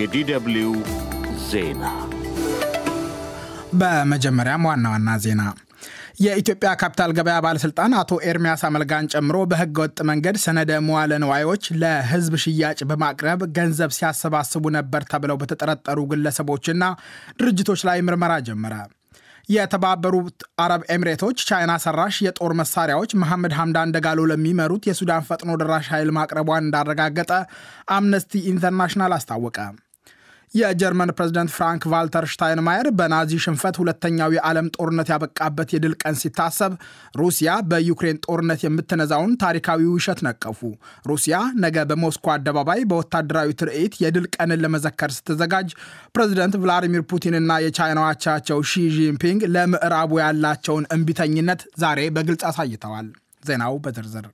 የዲደብልዩ ዜና። በመጀመሪያም ዋና ዋና ዜና የኢትዮጵያ ካፒታል ገበያ ባለስልጣን አቶ ኤርሚያስ አመልጋን ጨምሮ በህገ ወጥ መንገድ ሰነደ መዋለ ንዋዮች ለህዝብ ሽያጭ በማቅረብ ገንዘብ ሲያሰባስቡ ነበር ተብለው በተጠረጠሩ ግለሰቦችና ድርጅቶች ላይ ምርመራ ጀመረ። የተባበሩት አረብ ኤሚሬቶች ቻይና ሰራሽ የጦር መሳሪያዎች መሐመድ ሐምዳን ደጋሎ ለሚመሩት የሱዳን ፈጥኖ ደራሽ ኃይል ማቅረቧን እንዳረጋገጠ አምነስቲ ኢንተርናሽናል አስታወቀ። የጀርመን ፕሬዝደንት ፍራንክ ቫልተር ሽታይንማየር በናዚ ሽንፈት ሁለተኛው የዓለም ጦርነት ያበቃበት የድል ቀን ሲታሰብ ሩሲያ በዩክሬን ጦርነት የምትነዛውን ታሪካዊ ውሸት ነቀፉ። ሩሲያ ነገ በሞስኮ አደባባይ በወታደራዊ ትርኢት የድል ቀንን ለመዘከር ስትዘጋጅ ፕሬዝደንት ቭላዲሚር ፑቲንና የቻይናው አቻቸው ሺ ጂንፒንግ ለምዕራቡ ያላቸውን እምቢተኝነት ዛሬ በግልጽ አሳይተዋል። ዜናው በዝርዝር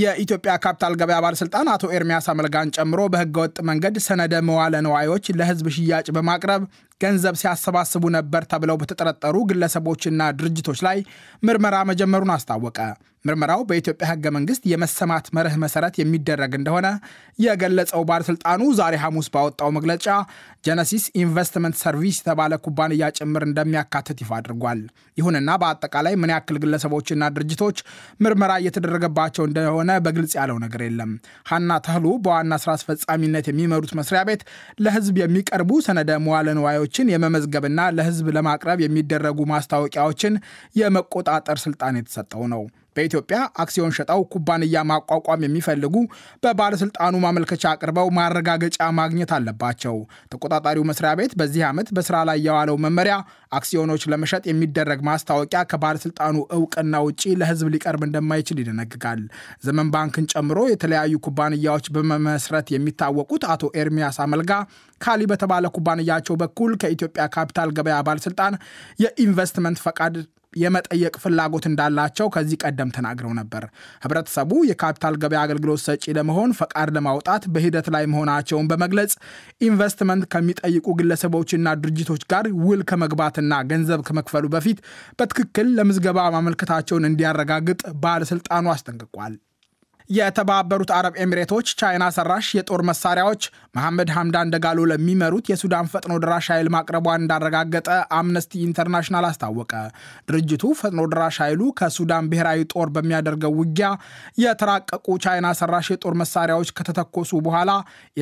የኢትዮጵያ ካፒታል ገበያ ባለስልጣን አቶ ኤርሚያስ አመልጋን ጨምሮ በህገወጥ መንገድ ሰነደ መዋለ ነዋዮች ለህዝብ ሽያጭ በማቅረብ ገንዘብ ሲያሰባስቡ ነበር ተብለው በተጠረጠሩ ግለሰቦችና ድርጅቶች ላይ ምርመራ መጀመሩን አስታወቀ። ምርመራው በኢትዮጵያ ሕገ መንግስት የመሰማት መርህ መሰረት የሚደረግ እንደሆነ የገለጸው ባለስልጣኑ ዛሬ ሐሙስ ባወጣው መግለጫ ጀነሲስ ኢንቨስትመንት ሰርቪስ የተባለ ኩባንያ ጭምር እንደሚያካትት ይፋ አድርጓል። ይሁንና በአጠቃላይ ምን ያክል ግለሰቦችና ድርጅቶች ምርመራ እየተደረገባቸው እንደሆነ በግልጽ ያለው ነገር የለም። ሀና ተህሉ በዋና ስራ አስፈጻሚነት የሚመሩት መስሪያ ቤት ለህዝብ የሚቀርቡ ሰነደ መዋለ ንዋዮች ሰዎችን የመመዝገብና ለህዝብ ለማቅረብ የሚደረጉ ማስታወቂያዎችን የመቆጣጠር ስልጣን የተሰጠው ነው። በኢትዮጵያ አክሲዮን ሸጠው ኩባንያ ማቋቋም የሚፈልጉ በባለስልጣኑ ማመልከቻ አቅርበው ማረጋገጫ ማግኘት አለባቸው። ተቆጣጣሪው መስሪያ ቤት በዚህ ዓመት በስራ ላይ የዋለው መመሪያ አክሲዮኖች ለመሸጥ የሚደረግ ማስታወቂያ ከባለስልጣኑ እውቅና ውጪ ለሕዝብ ሊቀርብ እንደማይችል ይደነግጋል። ዘመን ባንክን ጨምሮ የተለያዩ ኩባንያዎች በመመስረት የሚታወቁት አቶ ኤርሚያስ አመልጋ ካሊ በተባለ ኩባንያቸው በኩል ከኢትዮጵያ ካፒታል ገበያ ባለስልጣን የኢንቨስትመንት ፈቃድ የመጠየቅ ፍላጎት እንዳላቸው ከዚህ ቀደም ተናግረው ነበር። ህብረተሰቡ የካፒታል ገበያ አገልግሎት ሰጪ ለመሆን ፈቃድ ለማውጣት በሂደት ላይ መሆናቸውን በመግለጽ ኢንቨስትመንት ከሚጠይቁ ግለሰቦችና ድርጅቶች ጋር ውል ከመግባትና ገንዘብ ከመክፈሉ በፊት በትክክል ለምዝገባ ማመልከታቸውን እንዲያረጋግጥ ባለስልጣኑ አስጠንቅቋል። የተባበሩት አረብ ኤሚሬቶች ቻይና ሰራሽ የጦር መሳሪያዎች መሐመድ ሐምዳን ደጋሎ ለሚመሩት የሱዳን ፈጥኖ ድራሽ ኃይል ማቅረቧን እንዳረጋገጠ አምነስቲ ኢንተርናሽናል አስታወቀ። ድርጅቱ ፈጥኖ ድራሽ ኃይሉ ከሱዳን ብሔራዊ ጦር በሚያደርገው ውጊያ የተራቀቁ ቻይና ሰራሽ የጦር መሳሪያዎች ከተተኮሱ በኋላ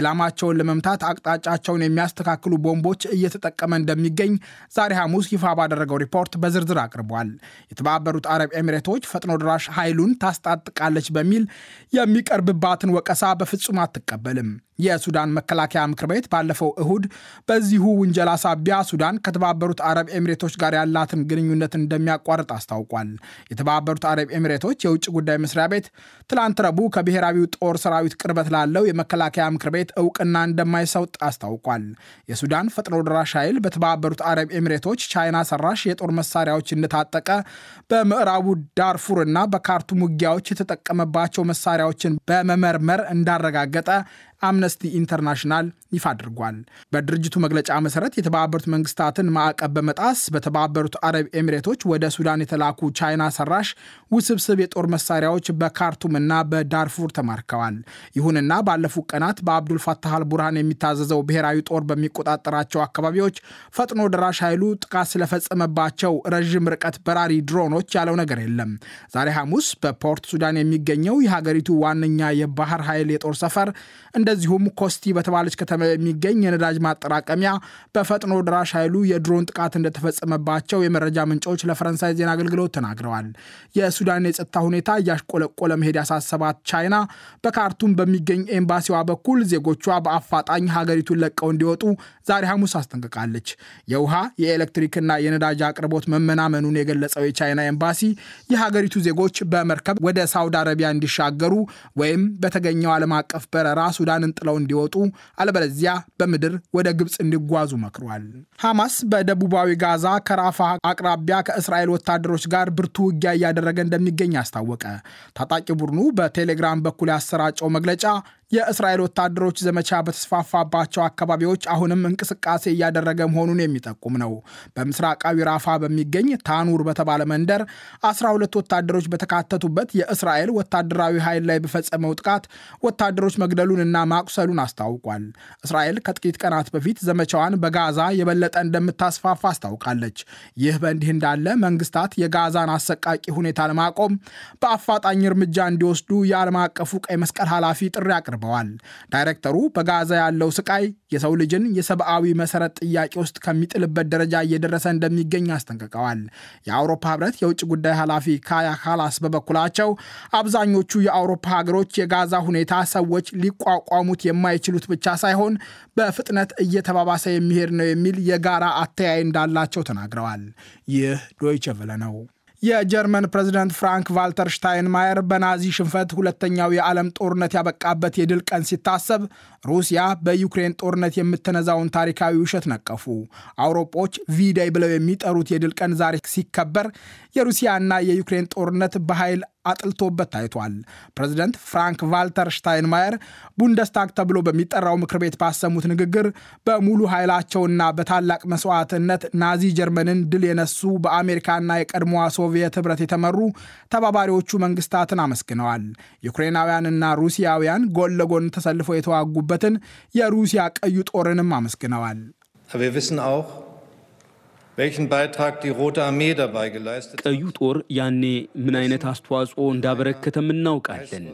ኢላማቸውን ለመምታት አቅጣጫቸውን የሚያስተካክሉ ቦምቦች እየተጠቀመ እንደሚገኝ ዛሬ ሐሙስ ይፋ ባደረገው ሪፖርት በዝርዝር አቅርቧል። የተባበሩት አረብ ኤሚሬቶች ፈጥኖ ድራሽ ኃይሉን ታስጣጥቃለች በሚል የሚቀርብባትን ወቀሳ በፍጹም አትቀበልም። የሱዳን መከላከያ ምክር ቤት ባለፈው እሁድ በዚሁ ውንጀላ ሳቢያ ሱዳን ከተባበሩት አረብ ኤሚሬቶች ጋር ያላትን ግንኙነት እንደሚያቋርጥ አስታውቋል። የተባበሩት አረብ ኤሚሬቶች የውጭ ጉዳይ መስሪያ ቤት ትላንት ረቡዕ ከብሔራዊው ጦር ሰራዊት ቅርበት ላለው የመከላከያ ምክር ቤት እውቅና እንደማይሰውጥ አስታውቋል። የሱዳን ፈጥኖ ደራሽ ኃይል በተባበሩት አረብ ኤሚሬቶች ቻይና ሰራሽ የጦር መሳሪያዎች እንደታጠቀ በምዕራቡ ዳርፉር እና በካርቱም ውጊያዎች የተጠቀመባቸው መሳሪያዎችን በመመርመር እንዳረጋገጠ አምነስቲ ኢንተርናሽናል ይፋ አድርጓል። በድርጅቱ መግለጫ መሰረት የተባበሩት መንግስታትን ማዕቀብ በመጣስ በተባበሩት አረብ ኤሚሬቶች ወደ ሱዳን የተላኩ ቻይና ሰራሽ ውስብስብ የጦር መሳሪያዎች በካርቱምና በዳርፉር ተማርከዋል። ይሁንና ባለፉት ቀናት በአብዱል ፈታህ ቡርሃን የሚታዘዘው ብሔራዊ ጦር በሚቆጣጠራቸው አካባቢዎች ፈጥኖ ደራሽ ኃይሉ ጥቃት ስለፈጸመባቸው ረዥም ርቀት በራሪ ድሮኖች ያለው ነገር የለም። ዛሬ ሐሙስ በፖርት ሱዳን የሚገኘው የሀገሪቱ ዋነኛ የባህር ኃይል የጦር ሰፈር እንደ እንደዚሁም ኮስቲ በተባለች ከተማ የሚገኝ የነዳጅ ማጠራቀሚያ በፈጥኖ ድራሽ ኃይሉ የድሮን ጥቃት እንደተፈጸመባቸው የመረጃ ምንጮች ለፈረንሳይ ዜና አገልግሎት ተናግረዋል። የሱዳን የጸጥታ ሁኔታ እያሽቆለቆለ መሄድ ያሳሰባት ቻይና በካርቱም በሚገኝ ኤምባሲዋ በኩል ዜጎቿ በአፋጣኝ ሀገሪቱን ለቀው እንዲወጡ ዛሬ ሐሙስ አስጠንቅቃለች። የውሃ የኤሌክትሪክና የነዳጅ አቅርቦት መመናመኑን የገለጸው የቻይና ኤምባሲ የሀገሪቱ ዜጎች በመርከብ ወደ ሳውዲ አረቢያ እንዲሻገሩ ወይም በተገኘው ዓለም አቀፍ በረራ ሱዳን ኢራንን ጥለው እንዲወጡ አለበለዚያ በምድር ወደ ግብፅ እንዲጓዙ መክሯል። ሐማስ በደቡባዊ ጋዛ ከራፋ አቅራቢያ ከእስራኤል ወታደሮች ጋር ብርቱ ውጊያ እያደረገ እንደሚገኝ አስታወቀ። ታጣቂ ቡድኑ በቴሌግራም በኩል ያሰራጨው መግለጫ የእስራኤል ወታደሮች ዘመቻ በተስፋፋባቸው አካባቢዎች አሁንም እንቅስቃሴ እያደረገ መሆኑን የሚጠቁም ነው። በምስራቃዊ ራፋ በሚገኝ ታኑር በተባለ መንደር 12 ወታደሮች በተካተቱበት የእስራኤል ወታደራዊ ኃይል ላይ በፈጸመው ጥቃት ወታደሮች እና ማቁሰሉን አስታውቋል። እስራኤል ከጥቂት ቀናት በፊት ዘመቻዋን በጋዛ የበለጠ እንደምታስፋፋ አስታውቃለች። ይህ በእንዲህ እንዳለ መንግስታት የጋዛን አሰቃቂ ሁኔታ ለማቆም በአፋጣኝ እርምጃ እንዲወስዱ የዓለም አቀፉ ቀይ መስቀል ኃላፊ ጥሪ አቅርበዋል። አቅርበዋል። ዳይሬክተሩ በጋዛ ያለው ስቃይ የሰው ልጅን የሰብአዊ መሰረት ጥያቄ ውስጥ ከሚጥልበት ደረጃ እየደረሰ እንደሚገኝ አስጠንቅቀዋል። የአውሮፓ ህብረት የውጭ ጉዳይ ኃላፊ ካያ ካላስ በበኩላቸው አብዛኞቹ የአውሮፓ ሀገሮች የጋዛ ሁኔታ ሰዎች ሊቋቋሙት የማይችሉት ብቻ ሳይሆን በፍጥነት እየተባባሰ የሚሄድ ነው የሚል የጋራ አተያይ እንዳላቸው ተናግረዋል። ይህ ዶይቸ ነው። የጀርመን ፕሬዝደንት ፍራንክ ቫልተር ሽታይንማየር በናዚ ሽንፈት ሁለተኛው የዓለም ጦርነት ያበቃበት የድል ቀን ሲታሰብ ሩሲያ በዩክሬን ጦርነት የምትነዛውን ታሪካዊ ውሸት ነቀፉ። አውሮፖች ቪዳይ ብለው የሚጠሩት የድል ቀን ዛሬ ሲከበር የሩሲያና የዩክሬን ጦርነት በኃይል አጥልቶበት ታይቷል። ፕሬዚደንት ፍራንክ ቫልተር ሽታይንማየር ቡንደስታግ ተብሎ በሚጠራው ምክር ቤት ባሰሙት ንግግር በሙሉ ኃይላቸውና በታላቅ መስዋዕትነት ናዚ ጀርመንን ድል የነሱ በአሜሪካና የቀድሞዋ ሶቪየት ህብረት የተመሩ ተባባሪዎቹ መንግስታትን አመስግነዋል። ዩክሬናውያንና ሩሲያውያን ጎን ለጎን ተሰልፈው የተዋጉበትን የሩሲያ ቀዩ ጦርንም አመስግነዋል። ቀዩ ጦር ያኔ ምን አይነት አስተዋጽኦ እንዳበረከተም እናውቃለን።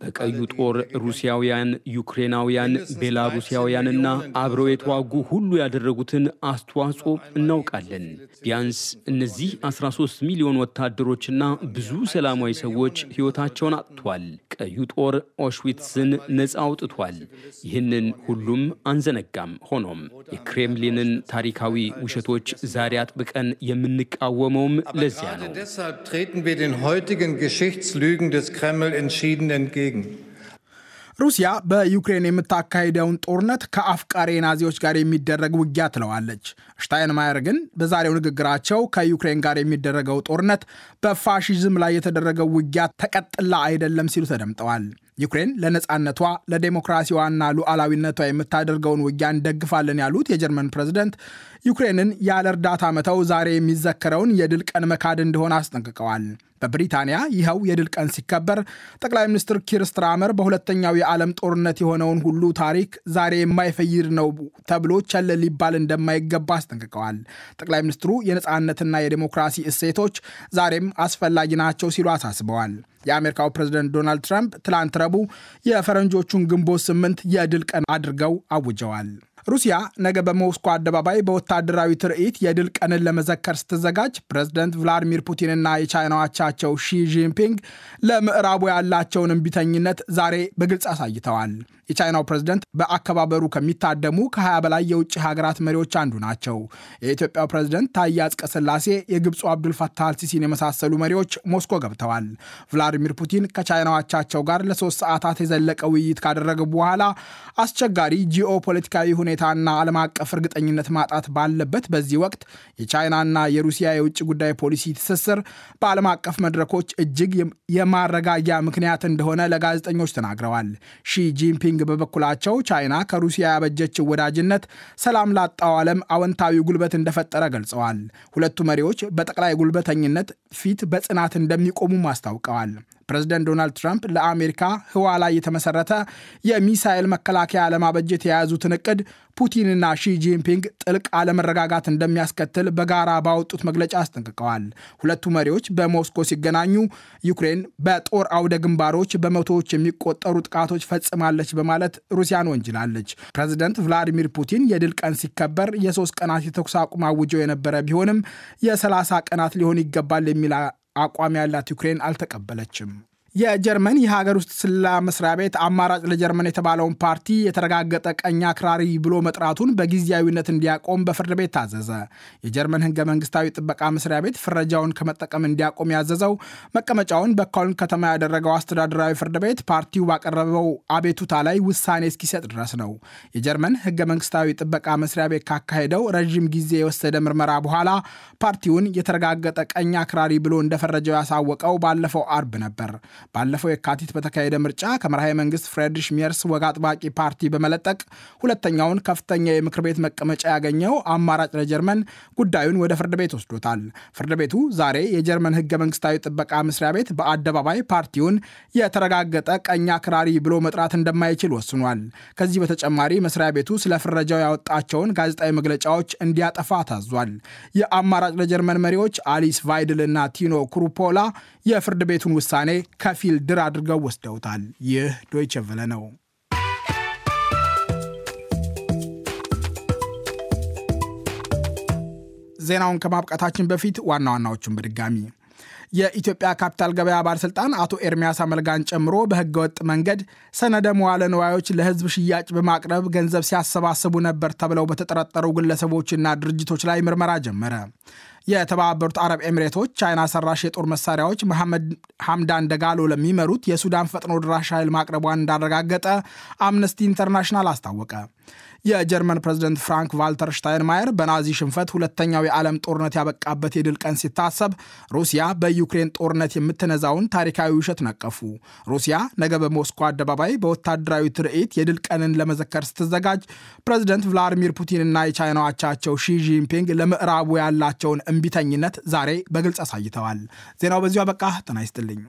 በቀዩ ጦር ሩሲያውያን፣ ዩክሬናውያን፣ ቤላሩሲያውያንና አብረው የተዋጉ ሁሉ ያደረጉትን አስተዋጽኦ እናውቃለን። ቢያንስ እነዚህ 13 ሚሊዮን ወታደሮችና ብዙ ሰላማዊ ሰዎች ሕይወታቸውን አጥቷል። ልዩ ጦር ኦሽዊትስን ነፃ አውጥቷል። ይህንን ሁሉም አንዘነጋም። ሆኖም የክሬምሊንን ታሪካዊ ውሸቶች ዛሬ አጥብቀን የምንቃወመውም ለዚያ ነው። ሩሲያ በዩክሬን የምታካሄደውን ጦርነት ከአፍቃሪ ናዚዎች ጋር የሚደረግ ውጊያ ትለዋለች። ሽታይንማየር ግን በዛሬው ንግግራቸው ከዩክሬን ጋር የሚደረገው ጦርነት በፋሺዝም ላይ የተደረገው ውጊያ ተቀጥላ አይደለም ሲሉ ተደምጠዋል። ዩክሬን ለነፃነቷ ለዴሞክራሲዋና ሉዓላዊነቷ የምታደርገውን ውጊያ እንደግፋለን ያሉት የጀርመን ፕሬዝደንት ዩክሬንን ያለ እርዳታ መተው ዛሬ የሚዘከረውን የድል ቀን መካድ እንደሆነ አስጠንቅቀዋል። በብሪታንያ ይኸው የድል ቀን ሲከበር ጠቅላይ ሚኒስትር ኪር ስትራመር በሁለተኛው የዓለም ጦርነት የሆነውን ሁሉ ታሪክ ዛሬ የማይፈይድ ነው ተብሎ ቸል ሊባል እንደማይገባ አስጠንቅቀዋል። ጠቅላይ ሚኒስትሩ የነፃነትና የዴሞክራሲ እሴቶች ዛሬም አስፈላጊ ናቸው ሲሉ አሳስበዋል። የአሜሪካው ፕሬዝደንት ዶናልድ ትራምፕ ትላንት ረቡዕ የፈረንጆቹን ግንቦት ስምንት የድል ቀን አድርገው አውጀዋል። ሩሲያ ነገ በሞስኮ አደባባይ በወታደራዊ ትርኢት የድል ቀንን ለመዘከር ስትዘጋጅ ፕሬዝደንት ቭላዲሚር ፑቲንና የቻይና አቻቸው ሺ ጂንፒንግ ለምዕራቡ ያላቸውን እምቢተኝነት ዛሬ በግልጽ አሳይተዋል። የቻይናው ፕሬዝደንት በአከባበሩ ከሚታደሙ ከ20 በላይ የውጭ ሀገራት መሪዎች አንዱ ናቸው። የኢትዮጵያው ፕሬዝደንት ታዬ አጽቀሥላሴ፣ የግብፁ አብዱልፈታህ አልሲሲን የመሳሰሉ መሪዎች ሞስኮ ገብተዋል። ቭላዲሚር ፑቲን ከቻይናው አቻቸው ጋር ለሶስት ሰዓታት የዘለቀ ውይይት ካደረገ በኋላ አስቸጋሪ ጂኦ ፖለቲካዊ ሁኔታና ዓለም አቀፍ እርግጠኝነት ማጣት ባለበት በዚህ ወቅት የቻይናና የሩሲያ የውጭ ጉዳይ ፖሊሲ ትስስር በዓለም አቀፍ መድረኮች እጅግ የማረጋጊያ ምክንያት እንደሆነ ለጋዜጠኞች ተናግረዋል። ሺ ጂንፒንግ ሺንጂንግ በበኩላቸው ቻይና ከሩሲያ ያበጀችው ወዳጅነት ሰላም ላጣው ዓለም አወንታዊ ጉልበት እንደፈጠረ ገልጸዋል። ሁለቱ መሪዎች በጠቅላይ ጉልበተኝነት ፊት በጽናት እንደሚቆሙም አስታውቀዋል። ፕሬዚደንት ዶናልድ ትራምፕ ለአሜሪካ ህዋ ላይ የተመሰረተ የሚሳኤል መከላከያ ለማበጀት የያዙትን እቅድ ፑቲንና ሺ ጂንፒንግ ጥልቅ አለመረጋጋት እንደሚያስከትል በጋራ ባወጡት መግለጫ አስጠንቅቀዋል። ሁለቱ መሪዎች በሞስኮ ሲገናኙ ዩክሬን በጦር አውደ ግንባሮች በመቶዎች የሚቆጠሩ ጥቃቶች ፈጽማለች በማለት ሩሲያን ወንጅላለች። ፕሬዝደንት ቭላዲሚር ፑቲን የድል ቀን ሲከበር የሶስት ቀናት የተኩስ አቁም አውጀው የነበረ ቢሆንም የ30 ቀናት ሊሆን ይገባል የሚል አቋም ያላት ዩክሬን አልተቀበለችም። የጀርመን የሀገር ውስጥ ስላ መስሪያ ቤት አማራጭ ለጀርመን የተባለውን ፓርቲ የተረጋገጠ ቀኝ አክራሪ ብሎ መጥራቱን በጊዜያዊነት እንዲያቆም በፍርድ ቤት ታዘዘ። የጀርመን ህገ መንግስታዊ ጥበቃ መስሪያ ቤት ፍረጃውን ከመጠቀም እንዲያቆም ያዘዘው መቀመጫውን በኮልን ከተማ ያደረገው አስተዳደራዊ ፍርድ ቤት ፓርቲው ባቀረበው አቤቱታ ላይ ውሳኔ እስኪሰጥ ድረስ ነው። የጀርመን ህገ መንግስታዊ ጥበቃ መስሪያ ቤት ካካሄደው ረዥም ጊዜ የወሰደ ምርመራ በኋላ ፓርቲውን የተረጋገጠ ቀኝ አክራሪ ብሎ እንደፈረጀው ያሳወቀው ባለፈው አርብ ነበር። ባለፈው የካቲት በተካሄደ ምርጫ ከመርሃዊ መንግስት ፍሬድሪሽ ሜርስ ወግ አጥባቂ ፓርቲ በመለጠቅ ሁለተኛውን ከፍተኛ የምክር ቤት መቀመጫ ያገኘው አማራጭ ለጀርመን ጉዳዩን ወደ ፍርድ ቤት ወስዶታል። ፍርድ ቤቱ ዛሬ የጀርመን ህገ መንግስታዊ ጥበቃ መስሪያ ቤት በአደባባይ ፓርቲውን የተረጋገጠ ቀኝ አክራሪ ብሎ መጥራት እንደማይችል ወስኗል። ከዚህ በተጨማሪ መስሪያ ቤቱ ስለ ፍረጃው ያወጣቸውን ጋዜጣዊ መግለጫዎች እንዲያጠፋ ታዟል። የአማራጭ ለጀርመን መሪዎች አሊስ ቫይድል እና ቲኖ ክሩፖላ የፍርድ ቤቱን ውሳኔ ከ ከፊል ድር አድርገው ወስደውታል። ይህ ዶይቸ ቨለ ነው። ዜናውን ከማብቃታችን በፊት ዋና ዋናዎቹን በድጋሚ የኢትዮጵያ ካፒታል ገበያ ባለስልጣን አቶ ኤርሚያስ አመልጋን ጨምሮ በህገወጥ መንገድ ሰነደ መዋለ ንዋዮች ለህዝብ ሽያጭ በማቅረብ ገንዘብ ሲያሰባስቡ ነበር ተብለው በተጠረጠሩ ግለሰቦችና ድርጅቶች ላይ ምርመራ ጀመረ። የተባበሩት አረብ ኤምሬቶች ቻይና ሰራሽ የጦር መሳሪያዎች መሐመድ ሐምዳን ደጋሎ ለሚመሩት የሱዳን ፈጥኖ ድራሽ ኃይል ማቅረቧን እንዳረጋገጠ አምነስቲ ኢንተርናሽናል አስታወቀ። የጀርመን ፕሬዝደንት ፍራንክ ቫልተር ሽታይንማየር በናዚ ሽንፈት ሁለተኛው የዓለም ጦርነት ያበቃበት የድል ቀን ሲታሰብ ሩሲያ በዩክሬን ጦርነት የምትነዛውን ታሪካዊ ውሸት ነቀፉ። ሩሲያ ነገ በሞስኮ አደባባይ በወታደራዊ ትርኢት የድል ቀንን ለመዘከር ስትዘጋጅ ፕሬዝደንት ቭላዲሚር ፑቲንና የቻይናው አቻቸው ሺ ጂንፒንግ ለምዕራቡ ያላቸውን እምቢተኝነት ዛሬ በግልጽ አሳይተዋል። ዜናው በዚሁ አበቃ። ጤና ይስጥልኝ።